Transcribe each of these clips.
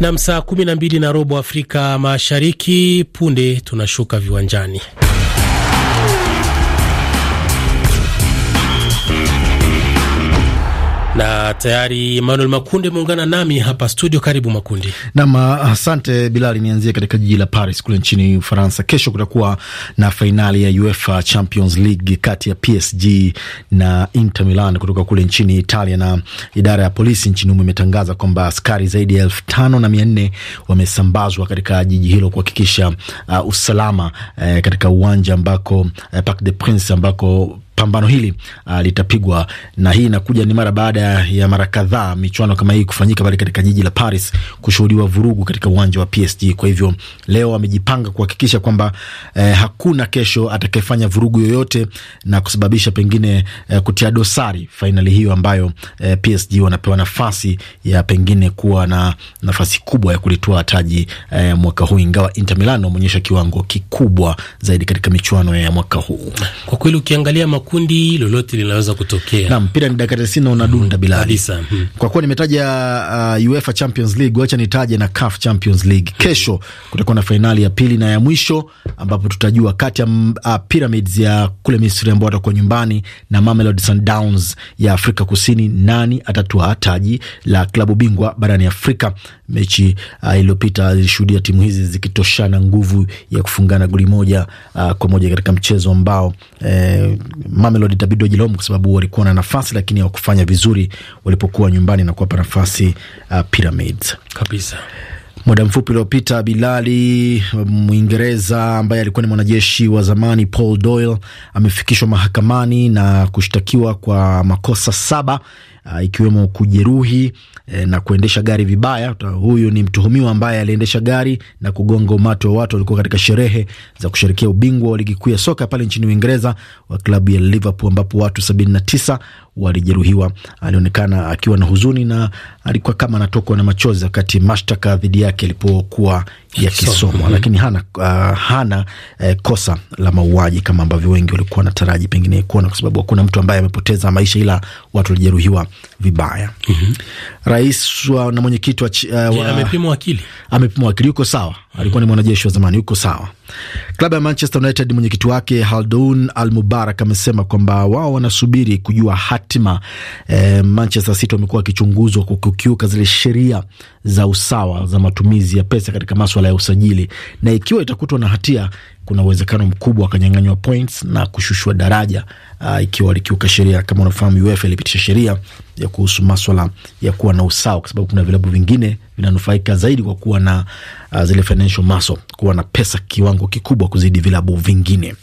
Nam, saa 12 na robo Afrika Mashariki. Punde tunashuka viwanjani. na tayari Emmanuel Makundi ameungana nami hapa studio. Karibu Makundi. Nam, asante Bilali. Nianzie katika jiji la Paris kule nchini Ufaransa. Kesho kutakuwa na fainali ya UEFA Champions League kati ya PSG na Inter Milan kutoka kule nchini Italia, na idara ya polisi nchini humo imetangaza kwamba askari zaidi ya elfu tano na mia nne wamesambazwa katika jiji hilo kuhakikisha uh, usalama uh, katika uwanja ambako uh, Parc des Princes ambako pambano hili uh, litapigwa na hii inakuja ni mara baada ya mara kadhaa michuano kama hii kufanyika pale katika jiji la Paris, kushuhudiwa vurugu katika uwanja wa PSG. Kwa hivyo leo amejipanga kuhakikisha kwamba eh, hakuna kesho atakayefanya vurugu yoyote na kusababisha pengine eh, kutia dosari fainali hiyo ambayo eh, PSG wanapewa nafasi ya pengine kuwa na nafasi kubwa ya kulitoa taji eh, mwaka huu, ingawa Inter Milan wameonyesha kiwango kikubwa zaidi katika michuano ya mwaka huu. Kwa kweli ukiangalia kundi lolote linaweza kutokea. Na mpira ni dakika 90 unadunda mm, bila kabisa mm. Kwa kuwa nimetaja uh, UEFA Champions League, wacha nitaje na CAF Champions League. Kesho kutakuwa na fainali ya pili na ya mwisho ambapo tutajua kati ya mm, uh, Pyramids ya kule Misri ambao watakuwa nyumbani na Mamelodi Sundowns ya Afrika Kusini, nani atatua taji la klabu bingwa barani Afrika. Mechi uh, iliyopita ilishuhudia timu hizi zikitoshana nguvu ya kufungana goli moja uh, kwa moja katika mchezo ambao eh, Mamelodi itabidi kwa sababu walikuwa na nafasi lakini hawakufanya vizuri walipokuwa nyumbani na kuwapa nafasi uh, Pyramids kabisa. Muda mfupi uliopita, Bilali um, Mwingereza ambaye alikuwa ni mwanajeshi wa zamani Paul Doyle amefikishwa mahakamani na kushtakiwa kwa makosa saba Uh, ikiwemo kujeruhi eh, na kuendesha gari vibaya. Huyu ni mtuhumiwa ambaye aliendesha gari na kugonga umati wa watu walikuwa katika sherehe za kusherekea ubingwa wa ligi kuu ya soka pale nchini Uingereza wa klabu ya Liverpool ambapo watu 79 walijeruhiwa. Alionekana akiwa na huzuni na alikuwa kama anatokwa na machozi wakati mashtaka dhidi yake alipokuwa ya kisomo mm -hmm. Lakini hana, uh, hana eh, kosa la mauaji kama ambavyo wengi walikuwa na taraji pengine kuona, kwa sababu hakuna mtu ambaye amepoteza maisha, ila watu walijeruhiwa vibaya mm -hmm. Rais wa, na mwenyekiti wa, uh, wa, amepimwa akili, amepimwa akili, yuko sawa mm -hmm. Alikuwa ni mwanajeshi wa zamani, yuko sawa. Klabu ya Manchester United, mwenyekiti wake Haldun Al Mubarak amesema kwamba wao wanasubiri kujua hatima eh, Manchester City wamekuwa wakichunguzwa kwa kukiuka zile sheria za usawa za matumizi ya pesa katika maswala ya usajili, na ikiwa itakutwa na hatia, kuna uwezekano mkubwa wakanyanganywa points na kushushwa daraja, uh, ikiwa walikiuka sheria. Kama unafahamu, UEFA ilipitisha sheria ya kuhusu maswala ya kuwa na usawa, kwa sababu kuna vilabu vingine vinanufaika zaidi kwa kuwa na uh, zile financial muscle, kuwa na pesa kiwango kikubwa kuzidi vilabu vingine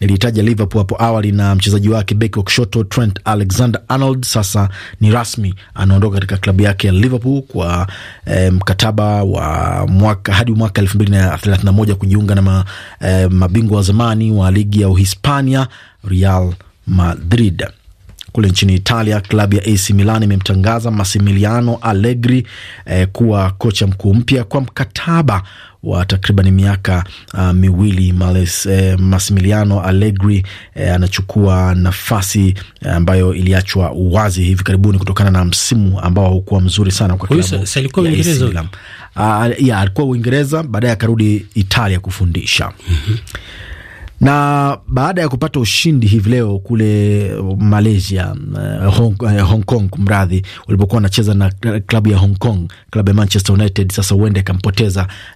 nilihitaja Liverpool hapo awali na mchezaji wake beki wa kushoto Trent Alexander Arnold sasa ni rasmi anaondoka katika klabu yake ya Liverpool kwa eh, mkataba wa mwaka hadi mwaka elfu mbili na thelathini na moja kujiunga na ma, eh, mabingwa wa zamani wa ligi ya Uhispania Real Madrid. Kule nchini Italia, klabu ya AC Milan imemtangaza Massimiliano Allegri eh, kuwa kocha mkuu mpya kwa mkataba wa takriban miaka uh, miwili Males, eh, Massimiliano Allegri eh, anachukua nafasi eh, ambayo iliachwa wazi hivi karibuni kutokana na msimu ambao haukuwa mzuri sana kwa klabu. Ah, alikuwa Uingereza, baadaye akarudi Italia kufundisha. mm -hmm na baada ya kupata ushindi hivi leo kule uh, Malaysia, uh, Hong, uh, Hong Kong mradhi, walipokuwa wanacheza na klabu ya Hong Kong, klabu ya Manchester United, sasa huenda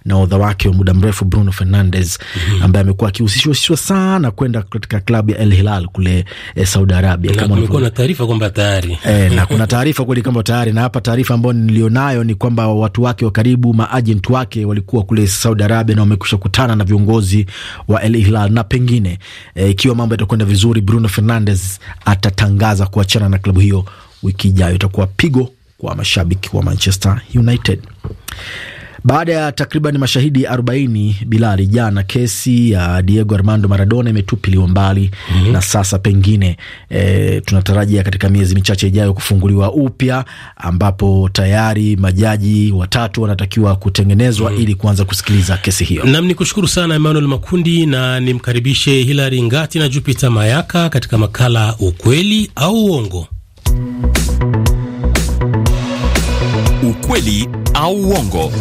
na odha wake wa muda mrefu Bruno Fernandes mm -hmm. ambaye amekuwa akihusishwa sana kwenda katika klabu ya Al Hilal kule eh, Saudi Arabia na kumekuwa na taarifa kwamba tayari eh, na kuna taarifa kweli kwamba tayari, na hapa taarifa ambayo nilionayo ni kwamba watu wake wa karibu, maagent wake walikuwa kule Saudi Arabia na wamekwisha kutana na viongozi wa Al Hilal na pengine eh, ikiwa e, mambo yatakwenda vizuri, Bruno Fernandes atatangaza kuachana na klabu hiyo wiki ijayo. Itakuwa pigo kwa mashabiki wa Manchester United. Baada ya takriban mashahidi 40 Bilali, jana kesi ya Diego Armando Maradona imetupiliwa mbali mm -hmm. na sasa pengine e, tunatarajia katika miezi michache ijayo kufunguliwa upya, ambapo tayari majaji watatu wanatakiwa kutengenezwa mm -hmm. ili kuanza kusikiliza kesi hiyo. Nam ni kushukuru sana Emmanuel Makundi na nimkaribishe Hilary Ngati na Jupiter Mayaka katika makala Ukweli au Uongo ukweli au uongo.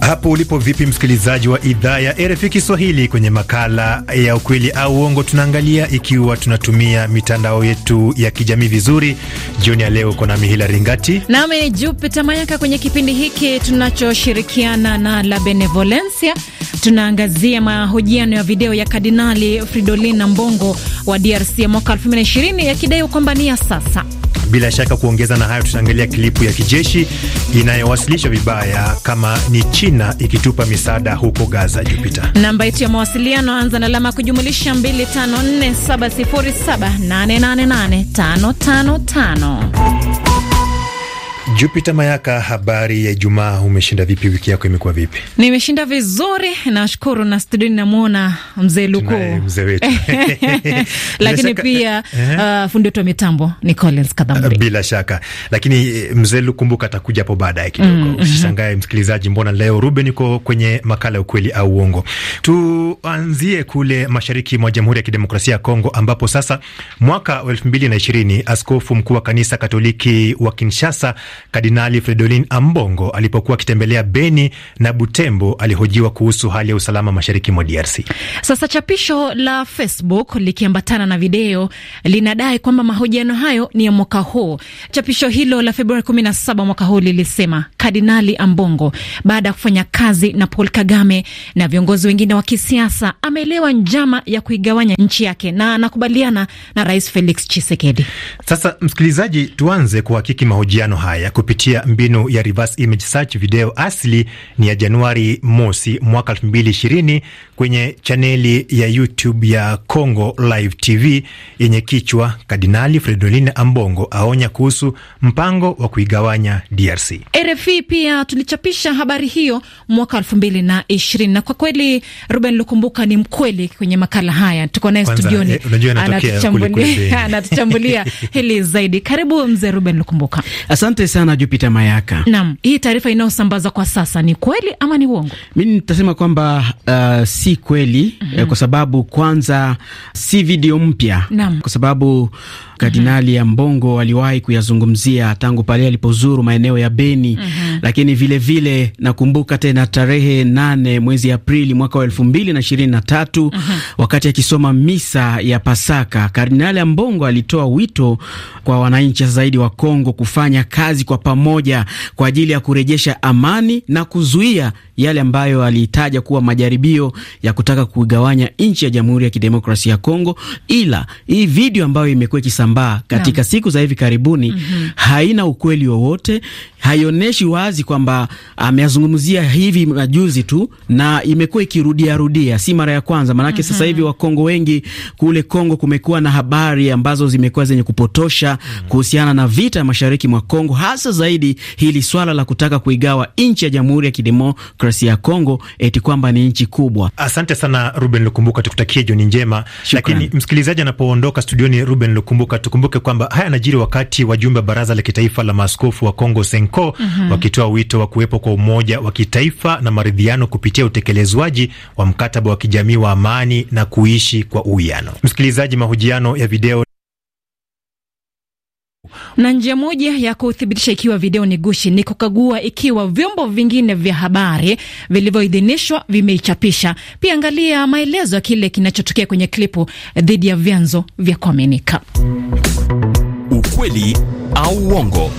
Hapo ulipo vipi, msikilizaji wa idhaa ya RFI Kiswahili? Kwenye makala ya ukweli au uongo, tunaangalia ikiwa tunatumia mitandao yetu ya kijamii vizuri. Jioni ya leo uko nami ringati Ngati nami Jupita Mayaka. Kwenye kipindi hiki tunachoshirikiana na La Benevolencia tunaangazia mahojiano ya video ya Kardinali Fridolin Ambongo wa DRC ya mwaka 2020 yakidai kwamba ni ya sasa bila shaka kuongeza na hayo, tutaangalia klipu ya kijeshi inayowasilisha vibaya kama ni China ikitupa misaada huko Gaza. Jupiter, namba yetu ya mawasiliano anza na alama kujumulisha 254707888555 Jupiter Mayaka, habari ya Ijumaa. Umeshinda vipi? Wiki yako imekuwa vipi? Nimeshinda vizuri, nashukuru. Na studio namwona mzee Luko, mzee wetu lakini pia uh, eh? fundi wetu wa mitambo ni Collins Kadhambe, bila shaka. Lakini eh, mzee kumbuka atakuja hapo baadaye kidogo. mm -hmm. Usishangae msikilizaji, mbona leo Ruben yuko kwenye makala ya ukweli au uongo. Tuanzie kule mashariki mwa Jamhuri ya Kidemokrasia ya Kongo, ambapo sasa mwaka wa elfu mbili na ishirini askofu mkuu wa kanisa Katoliki wa Kinshasa Kardinali Fridolin Ambongo alipokuwa akitembelea Beni na Butembo alihojiwa kuhusu hali ya usalama mashariki mwa DRC. Sasa chapisho la Facebook likiambatana na video linadai kwamba mahojiano hayo ni ya mwaka huu. Chapisho hilo la Februari 17 mwaka huu lilisema Kardinali Ambongo, baada ya kufanya kazi na Paul Kagame na viongozi wengine wa kisiasa, ameelewa njama ya kuigawanya nchi yake na anakubaliana na Rais Felix Tshisekedi. Sasa msikilizaji, tuanze kuhakiki mahojiano haya kupitia mbinu ya reverse image search. Video asili ni ya Januari mosi mwaka 2020 kwenye chaneli ya YouTube ya Congo Live TV yenye kichwa Kardinali Fridolin Ambongo aonya kuhusu mpango wa kuigawanya DRC. RFI pia tulichapisha habari hiyo mwaka 2020 na kwa kweli Ruben Lukumbuka ni mkweli kwenye makala haya, tuko naye studioni eh, anatuchambulia hili zaidi. Karibu mzee Ruben Lukumbuka. Asante sana sana Jupita Mayaka. Naam, hii taarifa inayosambaza kwa sasa ni kweli ama ni uongo? Mi nitasema kwamba uh, si kweli mm -hmm. Kwa sababu kwanza si video mpya, kwa sababu Kardinali mhm. Ambongo aliwahi kuyazungumzia tangu pale alipozuru maeneo ya Beni. mm -hmm. Lakini vilevile vile, nakumbuka tena tarehe nane mwezi Aprili mwaka wa elfu mbili na ishirini na tatu mm -hmm. wakati akisoma misa ya Pasaka, Kardinali Ambongo alitoa wito kwa wananchi zaidi wa Kongo kufanya kazi kwa pamoja kwa ajili ya kurejesha amani na kuzuia yale ambayo aliitaja kuwa majaribio ya kutaka kugawanya nchi ya Jamhuri ya Kidemokrasia ya Kongo. Ila hii video ambayo imekuwa ikisambaa inayosambaa katika yeah. siku za hivi karibuni mm -hmm. haina ukweli wowote, haionyeshi wazi kwamba ameyazungumzia hivi majuzi tu, na imekuwa ikirudia rudia, si mara ya kwanza maanake mm -hmm. sasa mhm. hivi Wakongo wengi kule Kongo kumekuwa na habari ambazo zimekuwa zenye kupotosha mm -hmm. kuhusiana na vita mashariki mwa Kongo, hasa zaidi hili swala la kutaka kuigawa nchi ya Jamhuri ya Kidemokrasia ya Kongo eti kwamba ni nchi kubwa. Asante sana Ruben Lukumbuka, tukutakie jioni njema. Lakini msikilizaji anapoondoka studioni, Ruben Lukumbuka tukumbuke kwamba haya yanajiri wakati wajumbe wa baraza la kitaifa la maaskofu wa Kongo Senko mm -hmm. wakitoa wito wa kuwepo kwa umoja wa kitaifa na maridhiano kupitia utekelezwaji wa mkataba wa kijamii wa amani na kuishi kwa uwiano. Msikilizaji, mahojiano ya video na njia moja ya kuthibitisha ikiwa video ni gushi ni kukagua ikiwa vyombo vingine vya habari vilivyoidhinishwa vimeichapisha. Pia angalia maelezo ya kile kinachotokea kwenye klipu dhidi ya vyanzo vya kuaminika. Ukweli au uongo.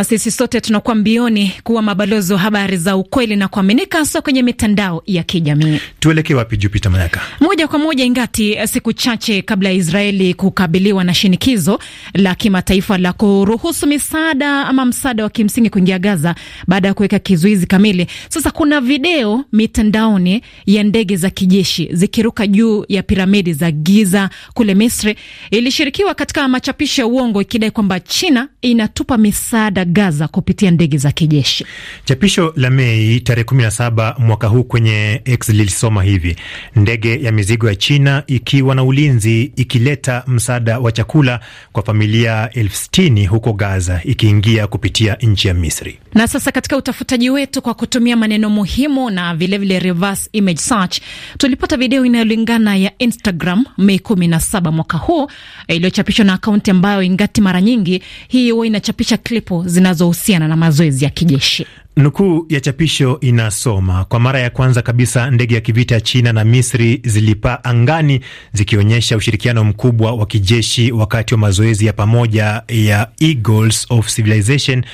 na sisi sote tunakuwa mbioni kuwa mabalozi wa habari za ukweli na kuaminika, hasa kwenye mitandao ya kijamii. Tuelekee wapi, Jupita Mayaka? Moja kwa moja, ingati eh, siku chache kabla ya Israeli kukabiliwa na shinikizo la kimataifa la kuruhusu misaada ama msaada wa kimsingi kuingia Gaza baada ya kuweka kizuizi kamili. Sasa kuna video mitandaoni ya ndege za kijeshi zikiruka juu ya piramidi za Giza kule Misri, ilishirikiwa katika machapisho ya uongo ikidai kwamba China inatupa misaada Gaza kupitia ndege za kijeshi. Chapisho la Mei tarehe 17 mwaka huu kwenye X lilisoma hivi: ndege ya mizigo ya China ikiwa na ulinzi ikileta msaada wa chakula kwa familia elfu sitini huko Gaza ikiingia kupitia nchi ya Misri. Na sasa katika utafutaji wetu kwa kutumia maneno muhimu na vilevile reverse image search, tulipata video inayolingana ya Instagram Mei 17 mwaka huu iliyochapishwa na akaunti ambayo ingati mara nyingi hii huwa inachapisha klipu zinazohusiana na mazoezi ya kijeshi. Nukuu ya chapisho inasoma: kwa mara ya kwanza kabisa ndege ya kivita ya China na Misri zilipaa angani zikionyesha ushirikiano mkubwa wa kijeshi wakati wa mazoezi ya pamoja ya Eagles of Civilization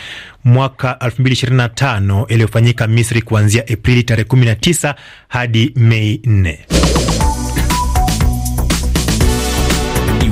mwaka 2025 yaliyofanyika Misri kuanzia Aprili tarehe 19 hadi Mei 4.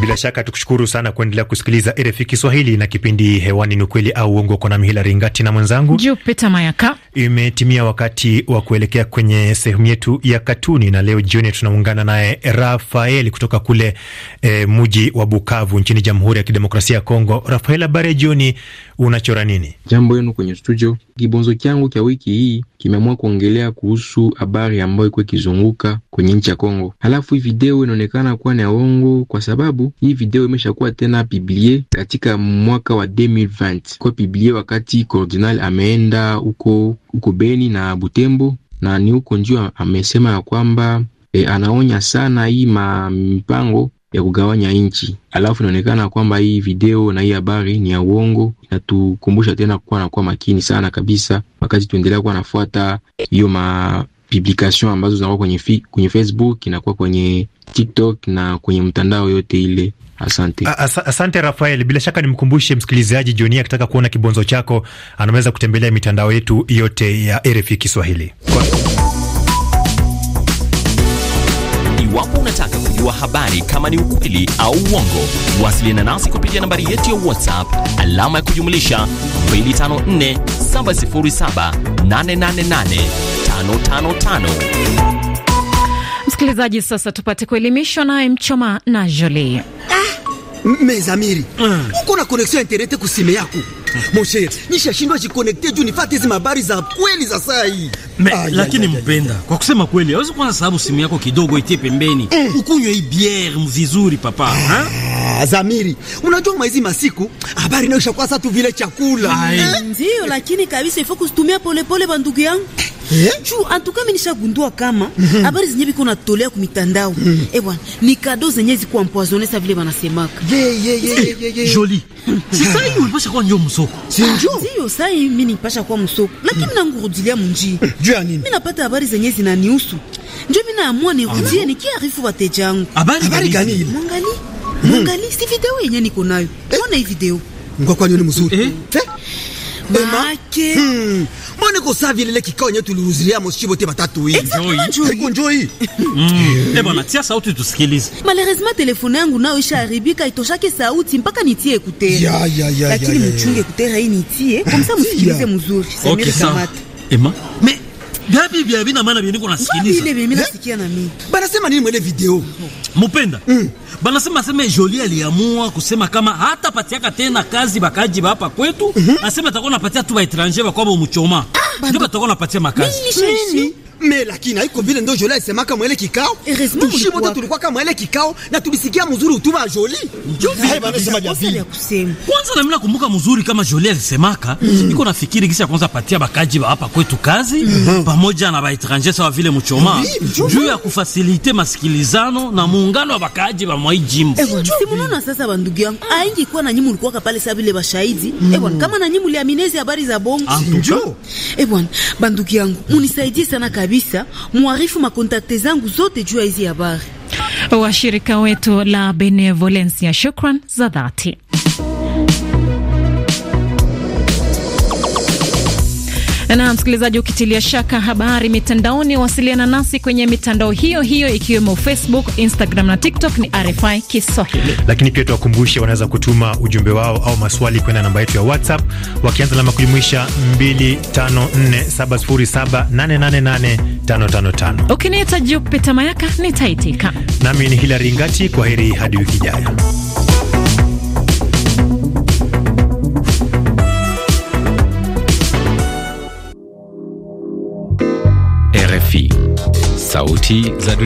Bila shaka tukushukuru sana kuendelea kusikiliza RFI Kiswahili na kipindi hewani ni ukweli au uongo. Kwa nami Hilari na mwenzangu Jupita Mayaka. Imetimia wakati wa kuelekea kwenye sehemu yetu ya katuni, na leo jioni tunaungana naye Rafael kutoka kule e, eh, mji wa Bukavu nchini Jamhuri ya Kidemokrasia ya Kongo. Rafael, habari ya jioni, unachora nini? Jambo yenu kwenye studio. Kibonzo changu cha wiki hii kimeamua kuongelea kuhusu habari ambayo iko ikizunguka kwenye nchi ya Kongo, halafu hii video inaonekana kuwa ni ya uongo kwa sababu hii video imeshakuwa tena piblie katika mwaka wa 2020 kwa piblie wakati Cardinal ameenda huko huko Beni na Butembo, na ni huko ndio amesema ya kwamba e, anaonya sana hii ma mipango ya kugawanya nchi, alafu inaonekana kwamba hii video na hii habari ni ya uongo. Inatukumbusha tena kuwa na kuwa makini sana kabisa, wakati tuendelea kuwa nafuata hiyo publication ambazo zinakuwa kwenye, kwenye Facebook inakuwa kwenye TikTok na kwenye mtandao yote ile. Asante. As asante Rafael, bila shaka nimkumbushe msikilizaji joni akitaka kuona kibonzo chako anaweza kutembelea mitandao yetu yote ya RFI Kiswahili Kwa... iwapo unataka wa habari kama ni ukweli au uongo. Wasiliana nasi kupitia nambari yetu ya WhatsApp alama ya kujumlisha 254 707 888 555. Msikilizaji, sasa tupate kuelimishwa naye Mchoma na Jolie. Ah, mezamiri. Mm. Uko na connection internet kusime yako Moshe, nishashindwa jikonekte juu nifate hizi mabari za kweli za saa hii. Lakini mpenda, kwa kusema kweli, hawezi kwanza sababu simu yako kidogo itie pembeni mm. ukunywe hii biere mvizuri papa ah, ha? Zamiri, unajua maizi masiku habari naisha kwa sasa tu vile chakula Ndio, lakini kabisa ifokusitumia polepole bandugu yangu yeah. Juu antuka mimi nishagundua kama mm -hmm. habari zenye biko natolea ku mitandao mm -hmm. ni kado zenye ziko empoisonné sa vile wanasemaka. yeah, yeah, yeah, yeah, yeah, yeah. Joli si sai ulipasha kwa ndio msoko si ndio sio sai mimi nipasha kwa msoko, lakini mhm. mimi nangurudilia munji eh, juu ya nini? Mimi napata habari zenye zinanihusu, ndio mimi naamua nirudie ah. nikiarifu wateja wangu. Habari gani ile? Mwangali mhm. mwangali si video yenye niko nayo, eh. ona hii video ngwa, kwani ni mzuri eh make hmm. Mbona niko sawa vile kikao yenyewe tulihudhuria moshi bote matatu hii. Iko njoo hii. Eh bwana, tia sauti tusikilize. Malheureusement telefone yangu nayo ishaharibika itoshake sauti mpaka nitie ekutera. Ya ya ya. Lakini mchunge ekutera hii nitie, kama msikilize mzuri. Okay, sawa. Ema. Mais Gapi vya hivi maana vya niko nasikiliza. Vile mimi eh? nasikia na mimi. Bana sema nini mwele video? Mupenda. Mm. Bana sema sema Jolie aliamua kusema kama hata patiaka tena kazi bakaji hapa kwetu, mm -hmm. Asema atakuwa napatia tu ba etranger ba kwa mchoma. Ah, Ndio batakuwa napatia makazi. Nini? Me lakini haiko vile ndio Jolie alisemaka mwele kikao. Tushi bote tulikuwa kama mwele kikao na tulisikia mzuri utuba wa Jolie. Kwanza na mimi nakumbuka mzuri kama Jolie alisemaka, mm. Niko nafikiri kisha kwanza patia bakaji ba hapa kwetu kazi mm -hmm. pamoja na baetranger sawa vile mchoma juu ya kufasilite masikilizano na muungano wa bakaji ba mwai jimbo. Eh, si munaona sasa bandugu yangu, mm. aingi kwa na nyimu ulikuwa pale sawa vile bashahidi. Eh, mm. Eh kama na nyimu liaminezi habari za bongo. Ah, ndio. Eh bandugu yangu, munisaidie sana kazi kabisa mwarifu makontakte zangu zote juu ya hizi habari. Washirika wetu la Benevolencia, shukran za dhati. Na msikilizaji, ukitilia shaka habari mitandaoni, wasiliana nasi kwenye mitandao hiyo hiyo ikiwemo Facebook, Instagram na TikTok ni RFI Kiswahili. Lakini pia tuwakumbushe, wanaweza kutuma ujumbe wao au maswali kwenda namba yetu ya WhatsApp wakianza alama kujumuisha 254707888555. Ukiniita Jupita Mayaka nitaitika, nami ni Hilari Ngati. Kwa heri hadi wiki ijayo. sauti za